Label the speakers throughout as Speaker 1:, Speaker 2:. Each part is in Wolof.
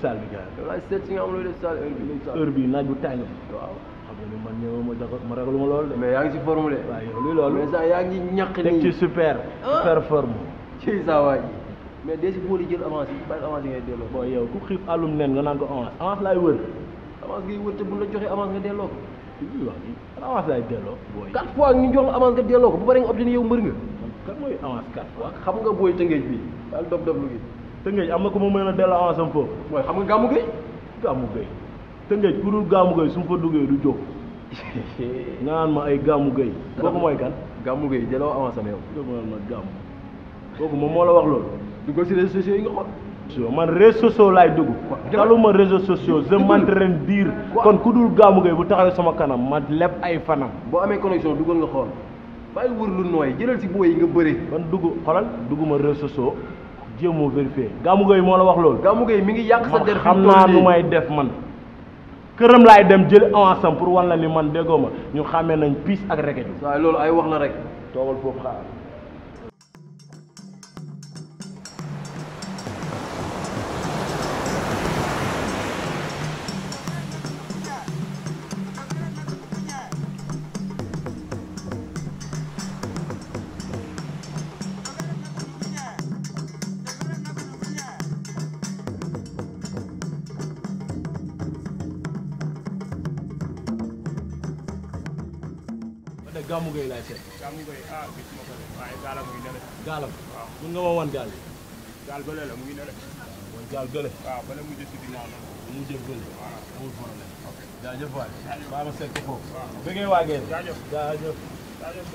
Speaker 1: salle bi gars yi. waaye
Speaker 2: seet si nga xam ne def salle heure bii
Speaker 1: naaj bu tàng. ma jox ma ma loolu de. mais yaa ngi si formule. waaw yow luy loolu mais sax yaa ngi ñàkk nii teg ci super. Oh. super forme. ci saa waay mais dee si booli jël avance yi bàyyi yow ku xiif àllum nen nga naan ko avance avance laay wër.
Speaker 3: avance ngay wër te bu la joxee avance nga delloo ko.
Speaker 1: avance laay delloo. booy Tëngéej am na ku ma mën a dellu avance foofu. mooy xam nga Gamou Gueye. Gamou Gueye Tëngéej ku dul Gamou Gueye su ma fa duggee du jóg. nga naan ma ay Gamou Gueye. kooku mooy kan. Gamou Gueye delloo avance am yow. demal ma Gamou moo la wax loolu. ko si réseaux sociaux yi nga xool. man réseaux sociaux laay dugg. taluma réseaux sociaux je m'entraîne dire. kon ku dul Gamou Gueye bu taxawee sama kanam ma leb ay fanaam boo amee connexion duggal nga xool. bàyyi wër lu nooy jëlal si booy yi nga bëri. man dugg xoolal dugguma réseaux sociaux jéem a vérifier Gamou Gueye moo la wax loolu. Gamou Gueye mi ngi yàq sa der xam naa nu may def man. këram laay dem jël avance pour wan la ni man déggoo ma ñu xàmmee nañ piis ak reket bi. waaw loolu ay wax na rek. toogal foofu xaar.
Speaker 2: gàmmu gay laay seet. gàmmu gay ah gis nga ko de waaye gaalam mu ngi ne la. gaalam waaw mun nga ma wan gaal bi. gaal bële la mu ngi ne la. mooy gaal bële. waaw bële mu jëm si ginnaaw la. mu jëm bële. waaw amul problème. ok jaajëf waay. jaajëf
Speaker 1: maa ma seet ko foofu. waaw bëggee waa ngeen. jaajëf jaajëf. jaajëf.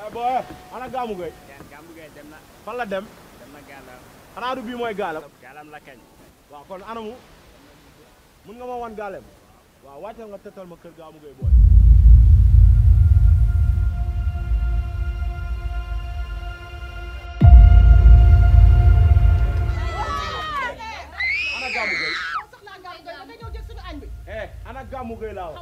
Speaker 1: Ah, boo ana gàmmu gay. gàmmu gay dem na. fan la dem. dem na gàllam. xanaa du bii mooy gaalam gaalam la kañ waaw kon anamu mun nga ma wan gaalem waaw wàccal nga tëtal ma kër gaamu gay eh ana gaamu gay laa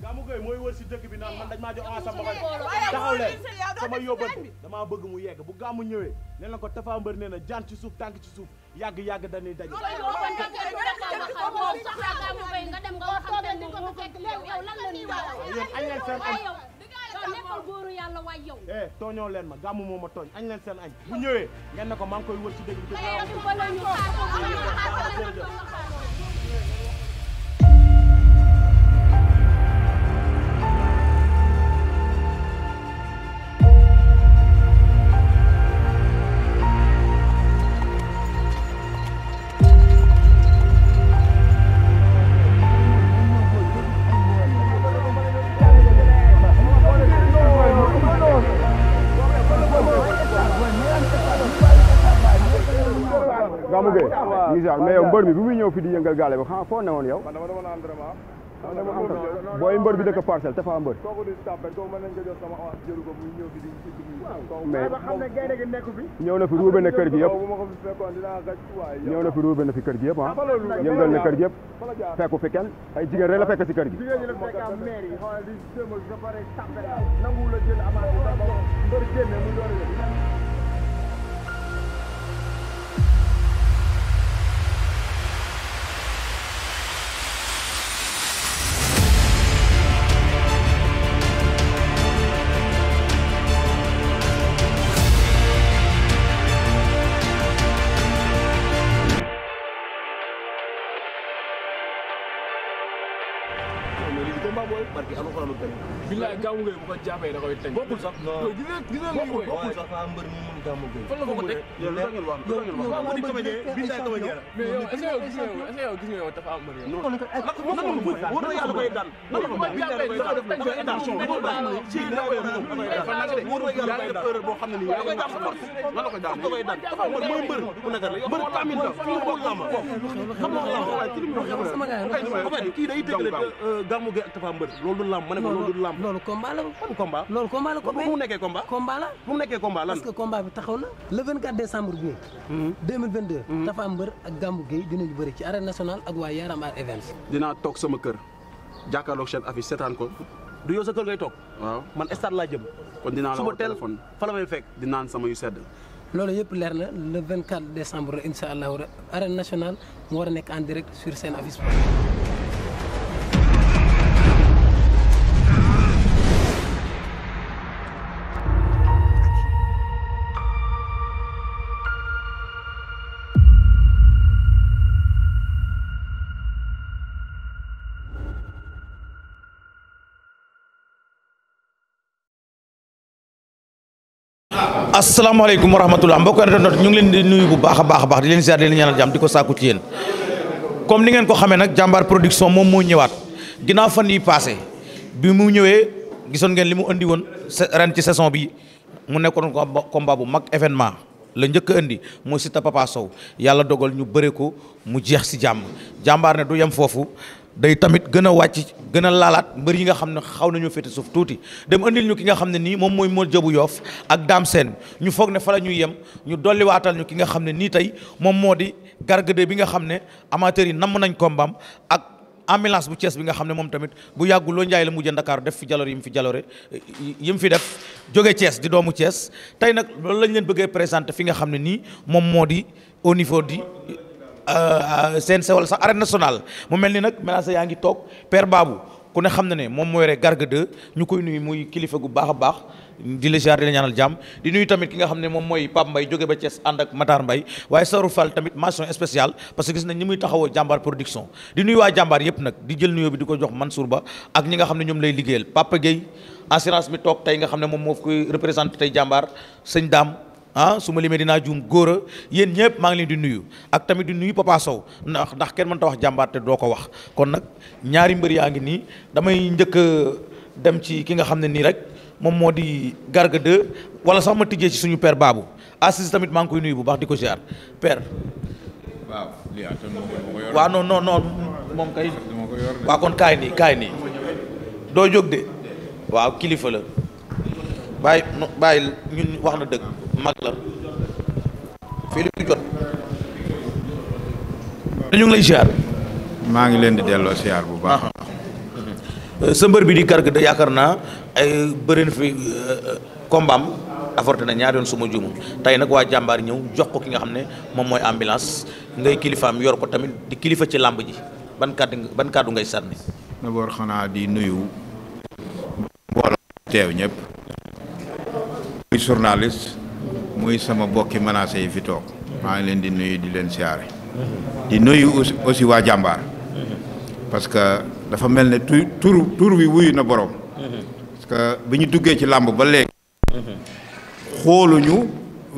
Speaker 1: Gamou Gueye mooy wër si dëkk bi naan man dañ maa jox a ba pare taxaw leen sama yóbbante damaa bëgg mu yegg bu Gamou ñëwee nee na ko Tapha Mbeur nee na jaan ci suuf tànk ci suuf yàgg yàgg dañuy daje. yéen
Speaker 4: añ leen seen añ. nekkal góoru yàlla waay yow.
Speaker 1: eh tooñoo leen ma gàmmu moo ma tooñ añ leen seen añ bu ñëwee ngeen ne ko maa ngi koy wër ci dëgg bi.
Speaker 5: Gamou Gueye Misar mais yow mbër mi bi muy ñëw fi di yëngal gaale bi xam foo newoon yow booy mbër bi dëkk
Speaker 6: parcelle te fa mbër
Speaker 5: mais ah, ñëw na fi ruube na kër gi yëpp ñëw na fi ruube
Speaker 2: na fi kër gi yëpp ah, ah yëngal na kër gi yëpp fekku fi
Speaker 5: kenn ay jigéen rek la fekk si kër gi
Speaker 2: jàppee da koy teg bokkul sax non gis ngeen gis ngeen bokkul bokkul sax am mbër mu mën gàmmu gën fan la ko teg yow la ngeen wax yow di comédien bi tay comédien mais yow est-ce que yow gis nga yow est-ce que yow gis nga yow dafa am mbër yow non non non war na yàlla koy daan non non man jàppee dafa def teg attention war na yàlla ci da koy daan war na yàlla def erreur boo xam ne ni yaa ngi daan sport man la koy daan da koy daan mbër mooy mbër ku nekk la yow mbër tamit la fi mu lama xam nga lama waaye ci li mu wax sama gaay
Speaker 1: kii day dégg la gàmmu gën ak dafa mbër loolu du lamb ma ne ko loolu du lamb loolu combat la combat. loolu
Speaker 3: combat la combat bu mu nekkee combat. combat la bu mu nekkee combat lan. parce que combat bi taxaw na. le 24 décembre bii. Mhm. 2022. Mhm. Tapha Mbeur ak Gamou Gueye bëri ci arène nationale ak waa Yaram Art Events.
Speaker 1: dinaa toog sama kër jàkkaarloog seen affiche seetaan ko. du yow sa kër ngay toog. waaw man stade laa jëm. kon dinaa la woo téléphone suba teel fa la fekk. dinaan sama yu sedd.
Speaker 3: loolu yëpp leer na le 24 décembre la incha allahu arène nationale mu war a nekk en direct sur seen affiche.
Speaker 1: asalaamaaleykum wa rahmatulah mbokk internet ñu ngi leen di nuyu bu baax a baax a baax di leen ziar di leen ñaanal jàmm di ko sàkku ci comme ni ngeen ko xamee nag jàmbaar production moom moo ñëwaat ginnaaw fan yi passé bi mu ñëwee gisoon ngeen li mu andi woon ren ci saison bi mu nekkoon mbaa bu mag événement la njëkk a indi mooy Siteu Papa Sow yàlla dogal ñu bëre ko mu jeex si jàmm jàmbaar ne du yem foofu day tamit gën a wàcc gën a laalaat mbër yi nga xam ne xaw nañoo féete suuf tuuti dem andil ñu ki nga xam ne nii moom mooy Mod Jabu Yoff ak Dame Sène ñu foog ne fa la ñuy yem ñu dolli ñu ki nga xam ne nii tey moom moo di gargade bi nga xam ne amateurs yi namm nañ kombaam ak ambulance bu Thiès bi nga xam ne moom tamit bu yàggu loo njaay la mujjee def fi jaloor yi mu fi jaloore yi mu fi def jóge Thiès di doomu Thiès tey nag loolu lañ leen bëggee présenté fi nga xam ne nii moom moo di au niveau di CNC euh, wala sax arène nationale mu mel ni nag menacé yaa ngi toog Père Babou ku ne xam na ne moom moo yore Garga 2 ñu koy nuyu muy kilifa gu baax a baax di la jaar di la jàmm di nuyu tamit ki nga xam ne moom mooy Pape Mbaye jóge ba Thiès ànd ak Matar Mbaye waaye Saru Fall tamit mention spéciale parce que gis nañ ni muy taxawoo jàmbaar production di nuyu waa jàmbaar yëpp nag di jël nuyoo bi di ko jox Mansour Ba ak ñi nga xam ne ñoom lay liggéeyal Papa Gueye assurance mi toog tey xam ne moom moo koy représenté tey jàmbaar ah su ma limee dinaa juum góor a yéen ñëpp maa ngi leen di nuyu ak tamit di nuyu Papa Sow ndax ndax kenn mënta wax jàmbaar te doo ko wax kon nag ñaari mbër yaa ngi nii damay njëkk dem ci ki nga xam ne nii rek moom moo di Garga 2 wala sax ma tijjee suñu père Babou Assis tamit maa ngi koy nuyu bu baax di ko ziar père. Ah, moom kay. waaw kon kaay nii kaay nii. doo jóg de. waaw kilifa la. bàyyi bàyyi ñun wax na dëgg. mag la fii lu jot dañu ngi lay ziar. maa ngi leen di delloo ziar bu baax. Uh-huh. sa mbër bi di Garga de yaakaar naa ay bëri na fi kombaam uh, avorté na ñaari yoon suma juumul tey nag waa jàmbaar ñëw jox ko ki nga xam ne moom mooy ambulance ngay kilifaam yor ko tamit di kilifa ci làmb ji ban kàddu ban kàddu ngay sànni.
Speaker 6: d'abord xanaa di nuyu. mbooloo teew ñëpp. muy journaliste. muy sama bokki menacé yi fi toog maa ngi leen di nuyu di leen siyaare di nuyu aussi waa jàmbaar parce que dafa mel ne tu tur tur bi wuyu na borom parce bi ñu duggee ci làmb ba léegi xooluñu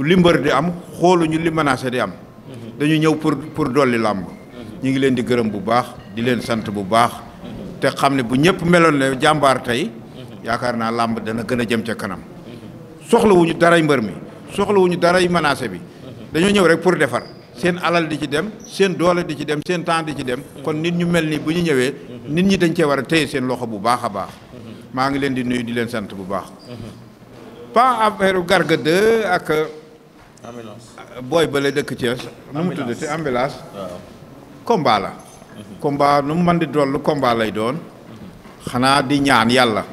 Speaker 6: li mbër di am xooluñu li menacé di am dañu ñëw pour pour dolli làmb ñu ngi leen di gërëm bu baax di leen sant bu baax te xam ne bu ñëpp meloon ne jàmbaar tey yaakaar naa làmb dana gën a jëm ca kanam soxlawuñu dara mbër mi soxlawuñu daray menacé bi dañoo ñëw rek pour defar seen alal di ci dem seen doole di ci dem seen temps di ci dem kon nit ñu mel ni bu ñu ñëwee nit ñi dañ cee war a téye seen loxo bu baax a baax maa ngi leen di nuyu di leen sant bu baax pas affaire garga de ak booy bale dëkk Thiès nu mu tuddati ambulance combat la combat nu mu mën di dollu combat lay doon xanaa di ñaan yàlla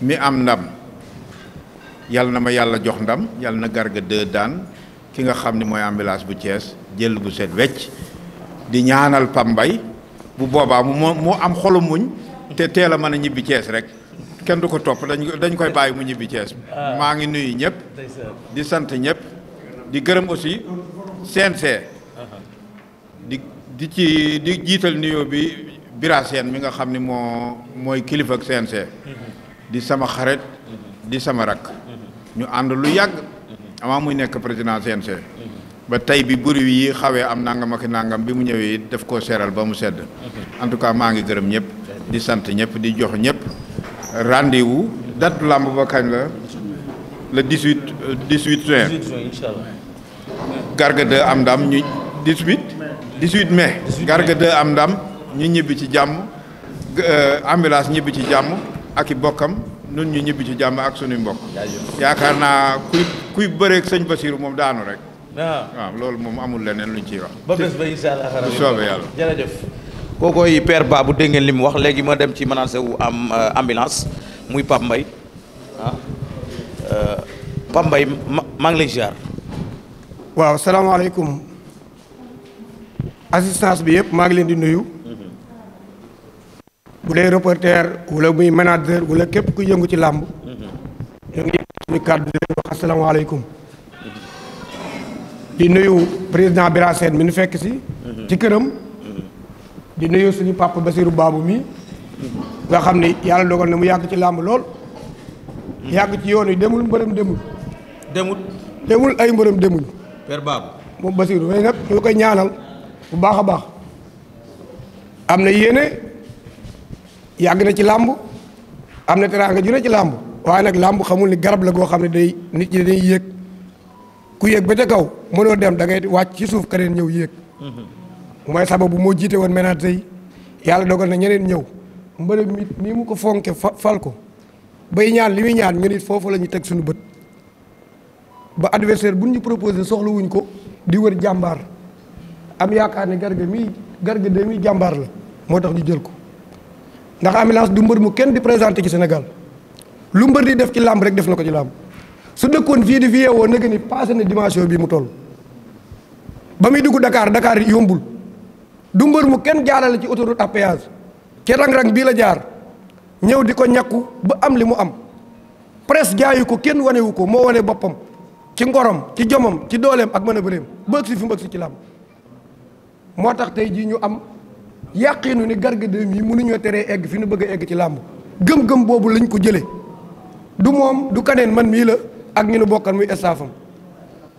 Speaker 6: mi am ndam yàlla na ma yàlla jox ndam yàlla na Garga 2 ki nga xam ni mooy ambulance bu Thiès jël bu set wecc di ñaanal Pambay bu boobaa mu moo am xolu muñ te teel a mën a ñibbi Thiès rek kenn du ko topp dañ dañ koy bàyyi mu ñibbi Thiès ah. maa ngi nuyu ñëpp di sant ñëpp di gërëm aussi CNC uh-huh. di di ci di jiital nuyoo bi Bira Sène mi nga xam ni moo mooy kilifa ak CNC uh-huh. di sama xarit uh-huh. di sama rakk ñu ànd lu yàgg avant muy nekk président CNG. ba tey bi buri yi xawee am nangam ak nangam bi mu ñëwee it daf ko seeral ba mu sedd en tout cas maa ngi gërëm ñëpp di sant ñëpp di jox ñëpp rendez-vous làmb ba kañ la le 18 18 euh,
Speaker 1: juin
Speaker 6: garga 2 am ndam ñu 18 18 mai garga 2 am ndam ñu ñibbi ci jàmm euh, ambulance ñibbi ci jàmm ak i bokkam nun ñu ñibbi ci jàmm ak suñuy mbokk yaakaar naa kuy kuy bëreeg sëñ Basiru moom daanu rek ah. loolu
Speaker 1: moom amul leneen luñ ci wax ba bés ba incha allah bu soobee yàlla jërëjëf kookooy bu dégg ngeen li mu wax léegi ma dem ci menace wu am euh, ambulance muy Pape Mbaye ah euh, Pape Mbaye maa ngi lay ziar
Speaker 3: waaw salaamaaleykum assistance bi yëpp maa ngi leen di nuyu bu dee reporter wala muy manager wala képp ku yëngu ci làmb
Speaker 4: mm-hmm.
Speaker 3: ñu ngi suñu kàddu di leen di nuyu président Bira Sène nu fekk si mm-hmm. ci këram mm-hmm. di nuyu suñu papa Basirou Babou mii nga xam ni yàlla dogal na mu yàgg ci làmb lool yàgg ci yoon yi demul mbërëm demul demul ay mbërëm demul Père Babou moom Basirou mais nag ñu koy ñaanal bu baax a baax am na yéene yàgg na ci làmb am na teraanga ju ne ci làmb waaye nag làmb xamul ni garab la goo xam ne day nit ñi dañuy yéeg ku yéeg ba ca kaw mënoo dem da ngay wàcc ci suuf keneen ñëw yéeg mm-hmm. mooy sababu moo jiite woon ménage yi yàlla dogal na ñeneen ñëw mbërëb mi mu ko fonke fal ko bay ñaan li muy ñaan ñu foofu lañuy teg suñu bët ba adversaire bu ñu proposé soxla ko di wër jàmbaar am yaakaar ne garga mi garga de mi jàmbaar la moo tax di jël ko ndax ambulance du mbër mu kenn di présenté ci Sénégal lu mbër di def ci làmb rek def na ko ci làmb su dëkkoon fii di fi yeewoo nag ni passé na dimension bii mu toll ba muy dugg dakaar Dakar yombul du mbër mu kenn jaarale ci autoroute à péage ci rang-rang bii la jaar ñëw di ko ñàkku ba am li mu am presse jaayu ko kenn wanewu ko moo wane boppam ci ngorom ci jomam ci dooleem ak mën a bëreem bëgg si fi mbëgg si ci làmb moo tax tey jii ñu am yàqiinu ni Garga 2 mii mënuñoo teree egg fi nu bëgg a egg ci làmb gëm-gëm boobu lañ ko jëlee du moom du kaneen man mii la ak ñu nu bokkal muy estafam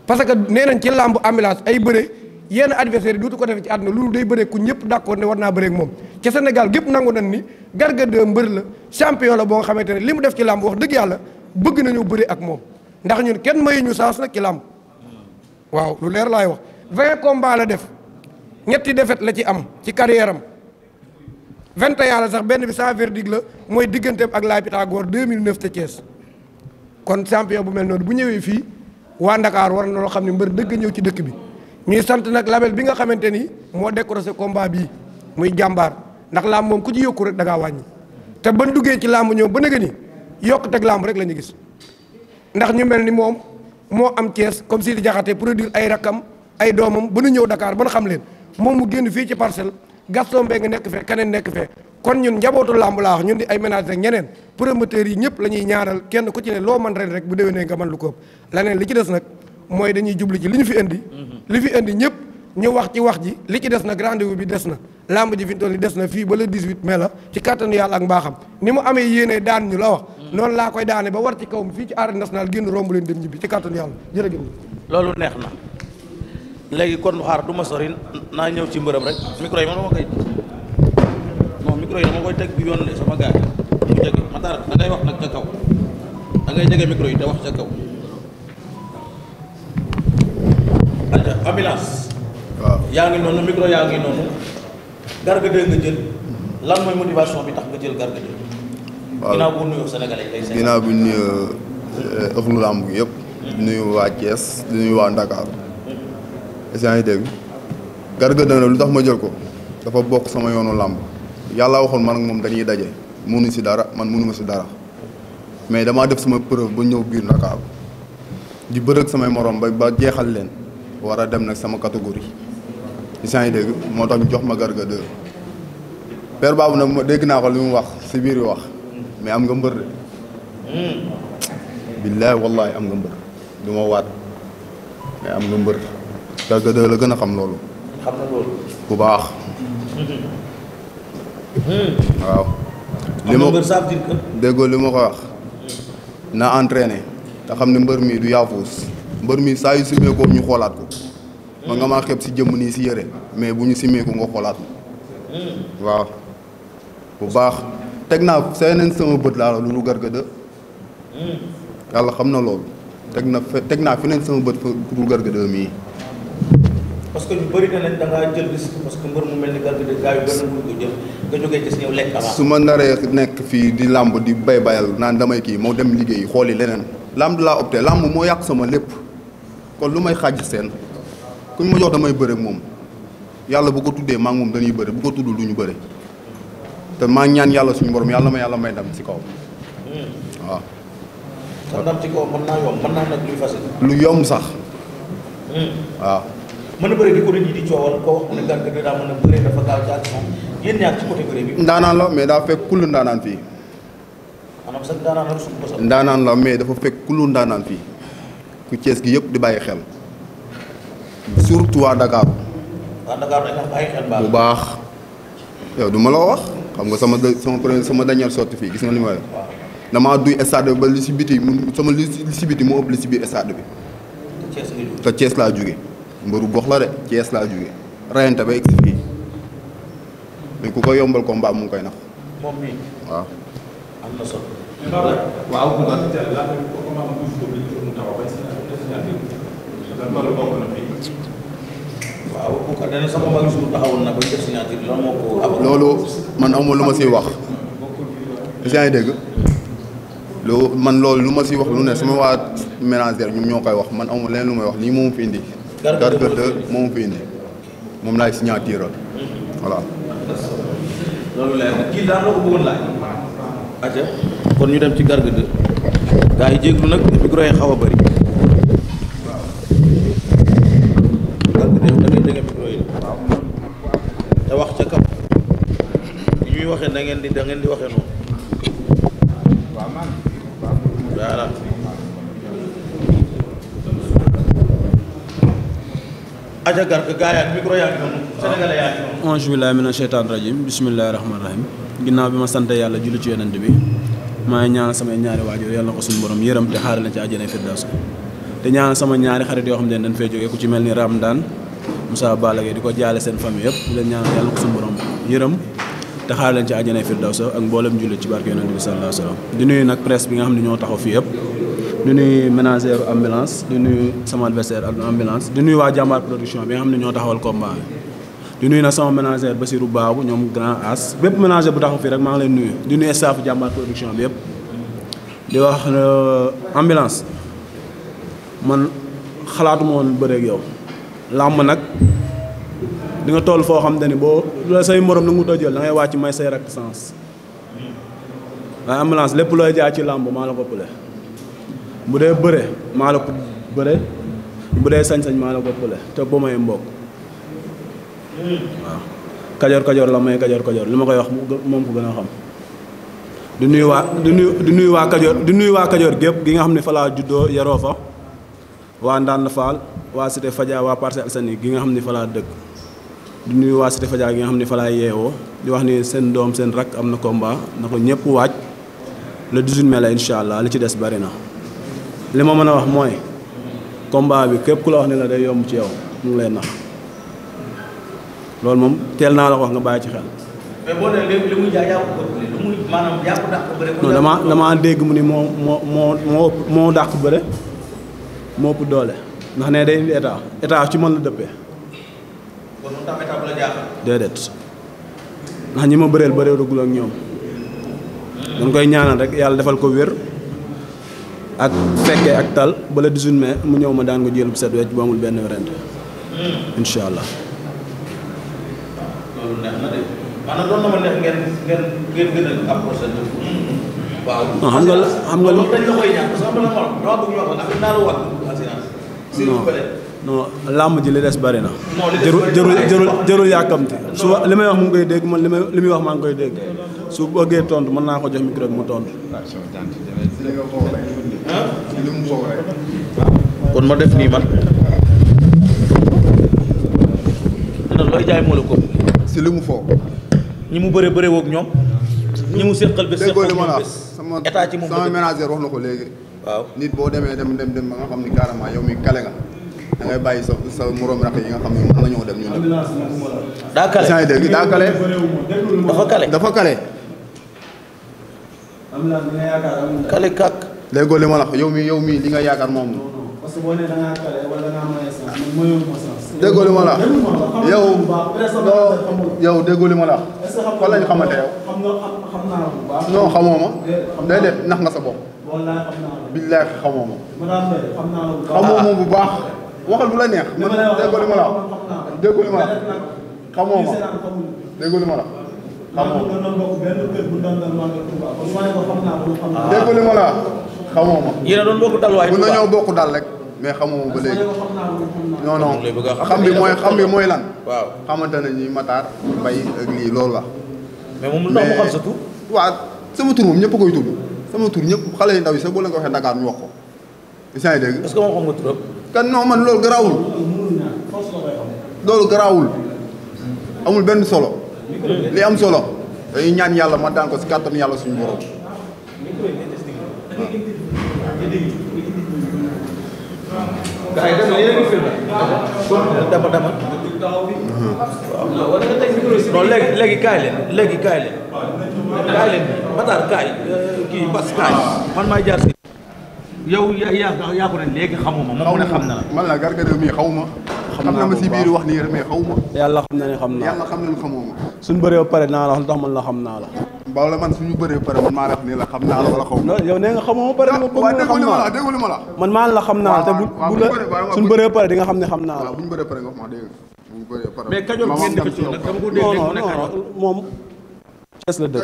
Speaker 3: parce que nee nañ ci làmb ambulance ay bëre yenn adversaire yi dootu ko defee ci àdduna loolu day bëree ku ñëpp d'accord ne war naa bëree ak moom ci Sénégal gépp nangu nañ ni Garga 2 mbër la champion la boo nga xamante ne li mu def ci làmb wax dëgg yàlla bëgg nañoo bëre ak moom ndax ñun kenn mayuñu chance nag ci waaw lu leer laay wax vingt combats def ñetti défaite la ci am ci carrière am 21 la sax benn bi sans verdict la mooy digganteem ak laa laay Pythagore 2009 te Thiès kon champion bu mel noonu bu ñëwee fii waa Ndakaar war na loo xam ne mbër dëgg ñëw ci dëkk bi ñuy sant nag label bi nga xamante ni moo décroché combat bii muy jàmbaar ndax làmb moom ku ci yokku rek da ngaa wàññi te ba duggee ci làmb ñoom ba nga ni yokk teg làmb rek la ñu gis ndax ñu mel ni moom moo am Thiès comme Sidi Diakhaté produire ay rakam ay doomam ba nu ñëw Dakar ba xam leen. moom mu génn fii ci parcelle Gaston Mbengue nekk fee keneen nekk fee kon ñun njabootu làmb laa wax ñun di ay ménage rek ñeneen promoteurs yi ñëpp la ñuy ñaaral kenn ku ci man ren rek bu déwénee nga man lu ko ëpp li ci des nag mooy dañuy jublu ci li ñu fi indi mhm. li fi indi ñëpp ñu wax ci wax ji li ci des nag rendez-vous bi des na làmb ji fi ñu toll des na fii ba le 18 mai la ci kàttanu yàlla ak mbaaxam ni mu amee yéenee daan ñu la wax mhm. noonu laa koy daane ba war ci kawam fii ci arène nationale génn romb leen dem ñibbi ci kàttanu yàlla jërëjëf
Speaker 1: loolu neex na léegi kon xaar du ma sori naa ñëw ci mbërëm rek micro yi man ma koy non micro yi dama koy teg bi yoon de sama gaay mu jege Matar da ngay wax nag ca kaw da ngay jege micro yi te wax ca kaw. aja ambulance. waaw yaa ngi noonu micro yaa ngi noonu. Garga nga jël lan mooy motivation bi tax nga jël Garga 2. bu nuyoo Sénégalais yi lay
Speaker 5: nuyu ëxlu lamb gi yëpp. Hmm. nuyu waa Thiès nuyu waa Ndakaaru yaa ngi dégg Garga lu tax ma jël ko dafa bokk sama yoonu làmb yàlla waxoon man ak moom dañuy daje mënuñ si dara man mënuma si dara mais damaa def sama preuve ba ñëw biir Ndakaaru di bërëg samay morom ba ba jeexal leen war a dem nag sama catégorie yaa ngi dégg moo tax ñu jox ma Garga 2 père Babou nag ma dégg naa ko li mu wax si biir yi wax mais am nga mbër de hmm. billaay wallaay am nga mbër du ma waat mais am nga mbër da da la gën a xam loolu.
Speaker 4: bu baax. waaw.
Speaker 1: li ma
Speaker 5: déggoo li ma ko wax. na entraîné te xam ne mbër mi du yaafuus mbër mi saa yu simee ñu xoolaat ko ma nga maa xeeb si jëmm nii si yére mais bu ñu simmeeku ko nga xoolaat ma waaw bu baax teg naa seeneen sama bët laa la loolu gargada yàlla xam na loolu teg na teg naa feneen sama bët pour gargada mii
Speaker 1: parce que ñu bëri mel ni Garga de su ma naree
Speaker 5: nekk fii di làmb di bay bayal naan damay kii moo dem liggéey xooli leneen làmb laa opté làmb moo yàq sama lépp kon lu may xaaj seen kuñ ma jox damay bëre moom yàlla bu ko tuddee maa moom dañuy bëre bu ko tuddul du ñu bëre te maa ñaan yàlla suñu borom yàlla ma yàlla may ndam ci kaw waaw kon lu yomb sax hmm. waaw
Speaker 1: mën ndaanaan
Speaker 5: la mais daa fekk kullu ndaanaan fii. mais dafa fekk kullu ndaanaan fii ku Cees gi yëpp di bàyyi xel surtout waa Dakar.
Speaker 1: waa Dakar bu
Speaker 5: baax. yow du ma la wax xam nga sama sama premier sama dernière sortie fii gis nga li ma leen. damaa duy stade bi ba li si biti sama li si biti moo ëpp li si biir stade bi. te Thiès laa jóge mbaru gox la de Thiès laa jóge rayante ba egsi fii mais ku ko yombal ko mbaa mu koy
Speaker 1: nax. moom mii waaw.
Speaker 4: loolu man amul
Speaker 5: lu ma siy wax. yaa ngi dégg loolu man loolu lu ma siy wax lu ne sama waa manager ñoom ñoo koy wax man amul leen lu may wax lii moom fi indi. Garga 2 moom fi indi moom laay signature voilà.
Speaker 1: kon ñu dem ci Garga 2. gars yi jéeglu nag micro yi xaw a bëri. te wax ca kaw. ñuy waxee da ngeen di da ngeen di waxee noonu. aja garab gaa yaa micro yaa ngi noonu sénégalais yaa ngi noonu rajim bismillaahi rahmaani rahim ginnaaw bi ma sante yàlla julli ci yonent bi maa ngi ñaanal samay ñaari waajur yàlla na ko suñu borom yërëm te xaare leen ci àjjana firdaws te ñaanal sama ñaari xarit yoo xam ne dañ fay jógee ku ci mel ni Ramdan Moussa Balague di ko jaale seen famille yëpp di leen ñaanal yàlla na ko suñu borom yërëm te xaare leen ci àjjana firdaws ak mboolem jullit ci barke yonent bi sallallaahu alayhi wa sallam di nuyu nag presse bi nga xam ne ñoo taxaw fii yëpp du nuyu ménagère ambulance du nuyu sama adversaire ambulance di nuyu waa jàmbaar production bi nga xam ne ñoo taxawal combat bi. du nuyu na sama ménagère Basirou Babou ñoom grand as bépp ménagère bu taxaw fii rek maa ngi leen nuyu du nuyu staff jàmbaar production bi yëpp. di wax euh, ambulance man xalaatuma woon yow làmb nag di nga toll foo xam ne ni boo say morom lu nga jël da ngay wàcc may say rek sens waaye ambulance lépp looy jaay ci làmb maa la mu dee bëre maa la ko bëre bu dee sañ-sañ maa la ko bële te bu may mbokk waaw kajoor kajoor la may kajoor kajoor li ma koy wax moom ko gën a xam du nuyu waa di nuy du nuyu waa kajoor du nuyu waa kajoor gépp gi nga xam ne falaa laa juddoo yaroo fa waa Ndande Fall waa Cité Fadia waa Parcelles Assainies gi nga xam ne falaa laa dëkk du nuyu waa Cité Fadia gi nga xam ne falaa yeewoo di wax ni seen doom seen rakk am na combat na ko ñëpp waaj le 18 mai la incha li ci des bari na li ma mën a wax mooy combat bi képp ku la wax ne la day yomb ci yow mu ngi lay nax loolu moom teel naa la wax nga bàyyi ci xel. mais boo nee dégg mu ni moo moo moo moo moo dàq bëre moo ëpp doole ndax ne day indi état ci mën la dëppee. kon mu ndax ñi ma bëreel bëreelagul ak ñoom. dañ koy ñaanal rek yàlla defal ko wér. ak fekkee ak tal bala 18 mai mu ñëw ma daan ko jël bu set wecc bu amul benn werante hmm. incha allah. loolu a approché làmb ji li des bari na. jërul jërul jërul jërul yàkkamti. suba li may wax mu ngi koy dégg man li may li muy wax maa ngi koy dégg. su bëggee tontu mën naa ko jox micro bi mu tontu. kon ma def nii man. na looy jaay moo la si li mu foo. ñi mu bëre bëree woog ñoom. ñi mu seqal bés seqal ñoom bés. sama
Speaker 5: sama ménagère wax na ko léegi. waaw nit boo demee dem dem dem ba nga xam ni carrément yow mi kale nga. da bàyyi sa sa moroom yi nga xam ne mën nañoo dem ñu dem. daa kale. dafa kale dafa kale. kale kàkk. léegoo li ma la wax yow mii yow mii li nga yaakaar moom.
Speaker 1: parce que boo nee da ma sax. déggoo li ma la wax yow
Speaker 5: yow déggoo li ma la wax. fan lañ xamante yow.
Speaker 1: xam nga xam naa bu baax.
Speaker 5: def nax nga sa bopp. wallaay xam bu baax. xamoo lu la neex. déggoo li ma la
Speaker 1: déggoo li ma la wax. déggoo li ma la xamoo ma doon dégg li ma la xamoo ma. yéen a doon
Speaker 5: bokk dal bokk dal rek. mais xamoo ma ba léegi.
Speaker 1: non non xam bi mooy
Speaker 5: xam bi mooy lan. waaw xamante ne ñi Matar Mbay ak lii loolu la. mais moom lu tax mu xam sama tur moom ñëpp koy tudd sama tur ñëpp xale yu ndaw yi sax boo leen ko waxee Dakar ñu wax ko. yaa ngi dégg. que moom xam nga turam. kan non man loolu garaawul. loolu garaawul amul benn solo li am solo dañuy ñaan yàlla ma daan ko si kàttan yàlla suñu borom.
Speaker 1: non léegi léegi kaay leen léegi kaay leen kaay leen Matar kaay euh, kii Bas kaay man maay jaar si yow yaa yaa ko ne léegi xamuma moom mu ne xam na la
Speaker 5: man mii xamuma xam na ma si biir wax nii mais xaw ma na ne xam naa xam na ne xamoo ma
Speaker 1: suñu bëree pare naa la wax lu tax man la xam naa la baaw la man suñu bëree pare man
Speaker 5: la wax nii la xam naa la wala
Speaker 1: xaw yow nee nga xamoo pare nga bëgg nga xam la xam naa la te bu bu suñu bëree pare di xam ne xam naa la buñu bëree pare nga wax ma dégg buñu bëree pare mais kajoor ngeen dëkk ci nag dama ko dégg mu ne moom Thiès la dëkk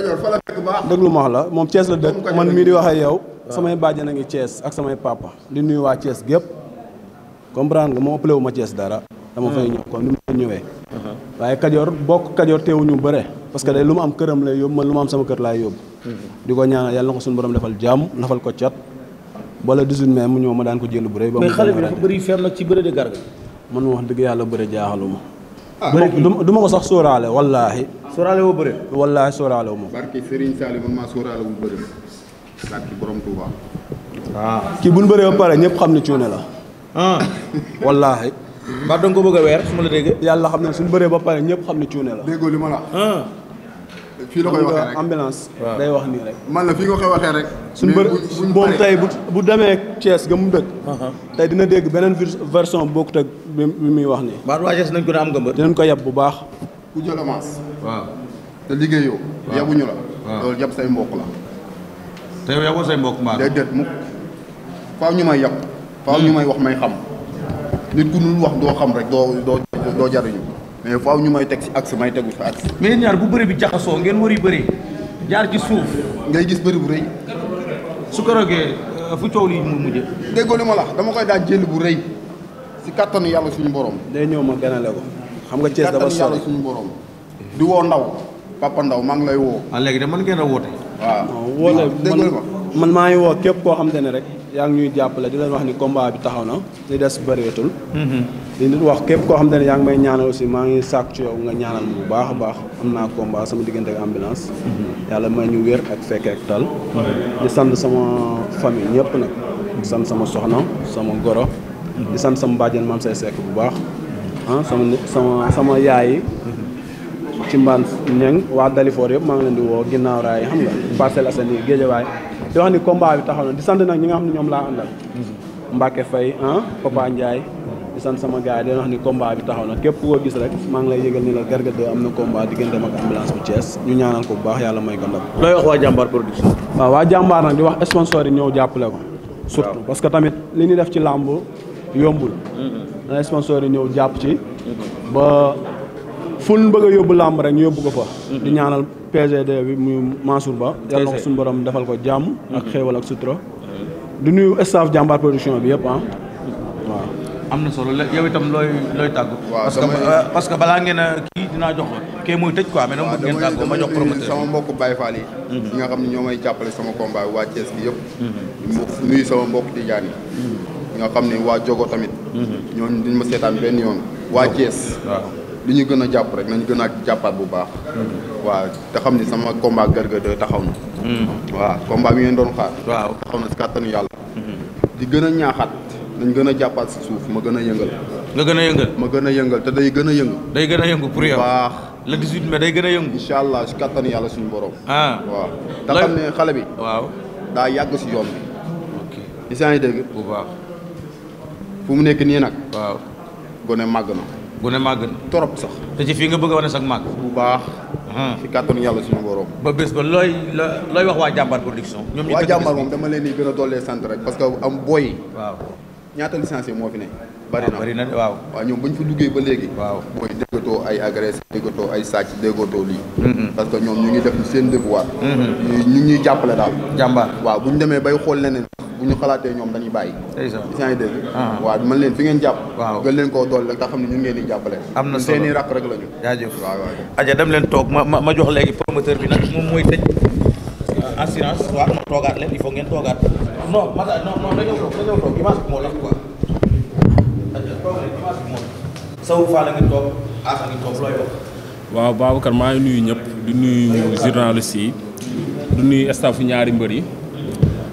Speaker 1: déglu ma la moom Thiès la dëkk man mii di wax ak yow samay bàjjen a ngi Thiès ak samay papa di nuyu waa Thiès gépp comprend nga moo ëppale wu ma Thiès dara. dama fay ñëw kon ni ma ñëwee. Uh-huh. waaye Kajoor bokk Kajoor teewuñu bare parce que day lu mu am këram lay yóbbu man lu ma am sama kër laay yóbbu. Uh-huh. di ko ñaanal yàlla na ko suñu borom defal jàmm nafal ko cat. bala 18 mai mu ñëw ma daan ko jël bu rey ba mu mais xale bi dafa bëri feer nag ci bëre de garga. man wax dëgg yàlla bëre jaaxaluma. ah du ma ko sax sóoraale wallaahi. sóoraale woo bëre. wallaahi sóoraale wu ma. barke Serigne Saliou man maa sóoraale wu bëre barke borom Touba. waaw ah. kii bu ñu bëree ba ñëpp xam ne cuune la Ah. wallaahi. ba da nga ko bëgg a weer su ma la déggee. yàlla xam ne suñu bëree ba pare ñëpp xam ne cuune la. déggoo li ma la wax. Ah. fii la koy waxee rek ambulance. day wax nii rek. man la fii nga waxee rek. suñu bër moom tey bu bu demee Thiès ga mu dëkk. Uh-huh. tey dina dégg beneen version bokkut ak bi muy wax nii. waaw waa Thiès nañ ko ne am nga mbër. dinañ ko yab bu baax. ku jël te liggéeyoo. waaw yabuñu la.
Speaker 5: waaw yab say mbokk la. te yow yaboo say maa. déedéet ñu may yab. faaw ñu hmm. may wax may xam nit ku ñu wax doo xam rek doo doo doo jariñu mais faaw ñu may teg si axe may tegu si axe.
Speaker 1: mais ñaar bu bëri bi jaxasoo ngeen war yu bëri jaar ci suuf. ngay gis bëri bu rëy. su ko rogee euh, fu coow lii mu mujjee.
Speaker 5: déggoo li ma la dama koy daal jël bu rëy si kattanu yàlla suñu boroom day ñëw ma ganale ko.
Speaker 1: xam nga Thiès dafa sori kattanu
Speaker 5: suñu borom. di woo ndaw papa ndaw maa ngi lay woo.
Speaker 1: ah léegi de mën ngeen a woote. waaw woo man man maa ngi woo képp koo xam te ne rek. yaa ngi ñuy jàppale di leen wax ni combat bi taxaw na li des bëreetul. Mhm. di nit wax képp koo xam ne yaa ngi may ñaanal aussi maa ngi sàkk ci yow nga ñaanal bu baax a baax am naa combat sama diggante ak ambulance. Mhm. yàlla may ñu wér ak fekke ak tal. di sant sama famille ñëpp nag. di sant sama soxna sama goro. Mhm. di sant sama bàjjen maam say sekk bu baax. ah sama sama sama yaay. ci mbaan ñeng waa Dalifor yëpp maa ngi leen di woo ginnaaw raay xam nga Parcelles Assainies Guédiawaye di wax ni combat bi taxaw na di sant nag ñi nga xam ne ñoom laa àndal. Mbacke Faye ah Papa di sant sama gars yi di wax ni combat bi taxaw na képp koo gis rek maa ngi lay yëgal ni la Garga 2 am na combat digganteem ak ambulance bu Thiès ñu ñaanal ko bu baax yàlla may ko ndam. looy wax waa jàmbaar production. waaw waa jàmbaar nag di wax sponsor yi ñëw jàppale ko. surtout parce que tamit li ñu def ci làmb yombul.
Speaker 4: na mm-hmm.
Speaker 1: sponsor yi ñëw jàpp ci.
Speaker 4: Mm-hmm.
Speaker 1: ba fu ñu bëgg a yóbbu làmb rek ñu yóbbu ko fa. Mm-hmm. PGD bi muy Mansour Ba. yàlla na ko suñu defal ko jàmm. ak mm-hmm. xéewal ak sutura. Mm-hmm. du nuyu staff jàmbaar production bi yëpp ah. waaw am na solo yow itam looy looy tàggu. parce que euh, parce que balaa ngeen a kii dinaa jox kee mooy tëj quoi mais dama bëgg ngeen tàggoo ma jox promoteur sama mbokku Baye
Speaker 5: Fall yi. Mm-hmm. ñi xam ne ñoo may jàppale sama combat waa Thiès gi
Speaker 4: yëpp.
Speaker 5: nuyu sama mbokku Tijaan yi. nga xam ne waa Jogo tamit. ñooñu duñ ma seetaan benn yoon. waa Thiès. li ñu gën a jàpp rek nañu gën a jàppaat bu baax. waaw te xam ni sama combat Garga 2 taxaw na. waaw combat bi ngeen doon xaar. waaw taxaw na si kàttanu yàlla. di gën a ñaaxaat nañ gën a jàppaat si suuf ma gën a yëngal. nga gën a yëngal. ma gën a yëngal te day gën a yëngu. day gën a yëngu pour yow baax. le 18 mai day gën a yëngu. incha allah si kàttanu yàlla suñu borom. ah waaw te xam ne xale bi. waaw daa yàgg si yoon bi. ok gis dégg. bu baax. fu mu nekk nii nag. gone màgg na
Speaker 1: gune màgg na trop sax te ci fii nga bëgg a wane sax màgg bu baax ci kàttanu yàlla suñu borom ba bés ba looy looy wax waa jàmbaar production ñoom waa jàmbaar
Speaker 5: moom dama leen di gën a dollee rek parce que am booy ñaata licencié moo fi ne bari ah, na bari na waaw waaw ñoom bu ñu duggee ba léegi waaw booy déggatoo ay agressé déggatoo ay sàcc déggatoo lii mm-hmm. parce que ñoom ñu ngi def seen devoir mm-hmm. ñu ngi ñuy jàppale daal jàmbaar waaw bu ñu demee bay xool leneen bu ñu xalaatee ñoom dañuy bàyyi gisant yi dégg ah. waaw man leen fi ngeen jàpp gën leen koo dool rek te xam ne ñun ngeen di jàppale am na seeni ràpp
Speaker 1: rek lañu jaajëf waaw waaw aja dem leen toog ma ma jox léegi promoteur bi nag moom mooy euh, assurance toogaat leen il faut toogaat la quoi toog leen dimanche
Speaker 2: maa ngi nuyu ñëpp di nuyu journaliste si du nuyu staff ñaari mbër yi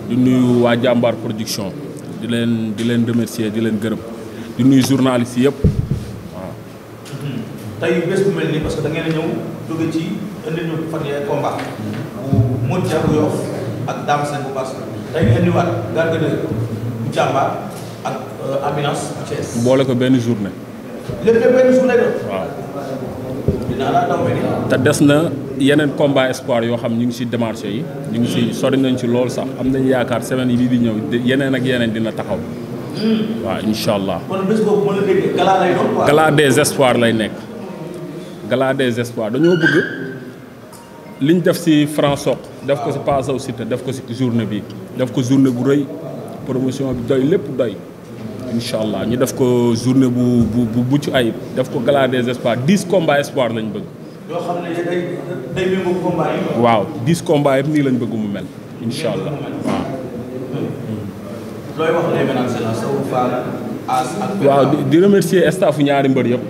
Speaker 2: di nuyu waa jàmbaar production di leen di leen remercier di leen gërëm di nuyu journaliste yëpp waaw.
Speaker 1: tey bés bu mel nii parce que da ñëw jóge ci indi ñu fan yee combat bu Modou bu Yoff ak Dame bu Parcelles tey ngeen indiwaat Garga bu jàmbaar ak euh, Ambulance bu Thiès.
Speaker 2: boole ko benn journée.
Speaker 1: lépp benn journée la. waaw. dinaa la daw
Speaker 2: te des na. yeneen combat espoir yoo xam ñu ngi si démarché yi ñu ngi si sori nañ si lool sax am nañu yaakaar semaine yi di ñëw yeneen ak yeneen dina taxaw waaw incha allah.
Speaker 1: kon gala lay
Speaker 2: doon des espoirs lay nekk gala des espoirs dañoo li liñ def si franc soq def ko si Paasaw Siteu def ko si journée bi def ko journée bu rëy promotion bi doy lépp doy incha allah ñu def ko journée bu bu bu mucc ayib def ko gala des espoirs dix combats espoirs lañ bëgg. waaw dix combat yëpp nii lañ bëgg mu mel. incha allah waaw.
Speaker 1: Hmm. looy wax lay mel
Speaker 2: di remercier staffu ñaari mbër yëpp.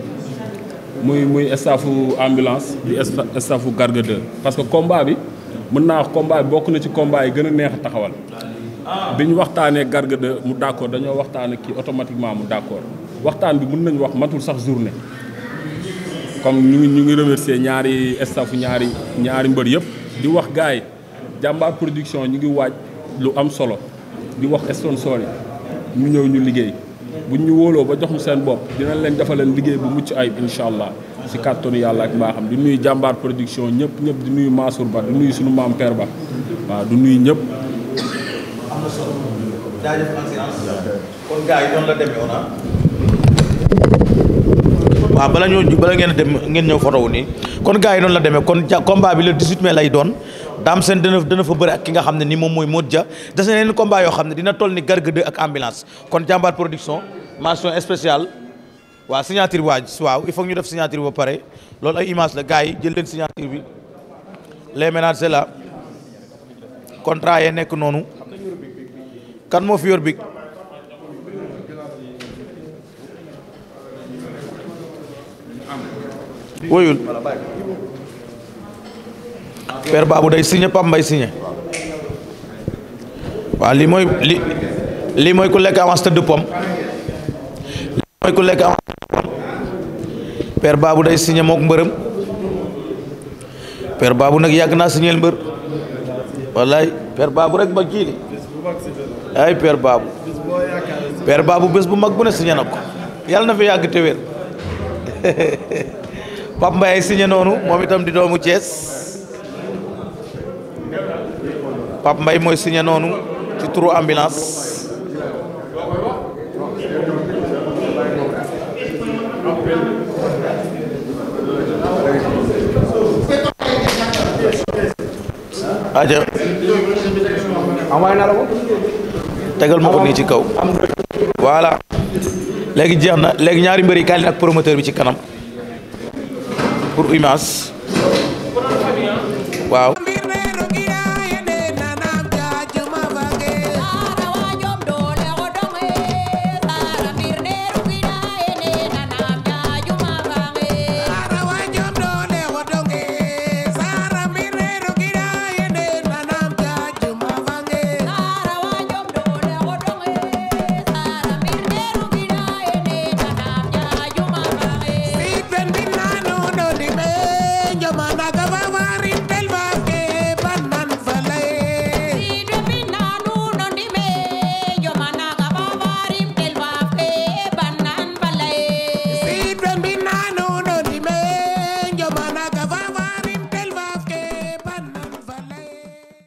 Speaker 2: muy muy staffu ambulance di staffu Garga 2 parce que combat bi mun naa wax combat bokk na ci combat yi gën a neex a taxawal. Ah. bi ñu waxtaanee Garga 2 mu d' accord dañoo waxtaan ak kii automatiquement mu d' waxtaan bi mun nañu wax matul sax journée. comme ñu ngi ñu ngi remercier ñaari staffu ñaari ñaari mbër yëpp di wax gars yi jàmbaar production ñu ngi waaj lu am solo di wax sponsor yi ñu ñëw ñu liggéey buñ ñu wóoloo ba jox mu seen bopp dinañ leen defaleen liggéey bu mucc ayib incha allah si kàttanu yàlla ak mbaaxam di nuyu jàmbaar production ñëpp ñëpp di nuyu Mansour Ba di nuyu suñu maam Père Ba waaw du nuyu ñëpp. waaw bala
Speaker 1: ñoo bala ngeen dem ngeen ñëw photo wu nii kon gars yi noonu la demee kon combat bi le 18 mai lay doon Dame Sène dana dana fa bëri ak ki nga xam ne ni moom mooy Modou Dia des na yeneen combat yoo xam ne dina toll ni Garga ak ambulance kon jàmbaar production mention spéciale waaw signature bi waaw il faut ñu def signature ba pare loolu ay image la gars yi jël leen signature bi les ménages contrat yee nekk noonu kan moo fi yor bi woyul père Babou day signé Pape Mbaye signé waaw lii mooy li lii mooy ku lekk avance tëdd pom lii mooy ku lekk avance père Babou day signé mook mbërëm père Babou nag yàgg naa signé mbër wallaay père Babou rek ba kii ay père Babou père Babou bés bu mag bu ne signé na ko yàlla na fi yàgg te wér Pape Mbaye signé noonu moom itam di doomu Thiès Pape mooy signé noonu ci turu ambulance aja tegal ma ko nii ci kaw voilà léegi jeex na léegi ñaari mbër yi kaay ak promoteur bi ci kanam pour UMAS waaw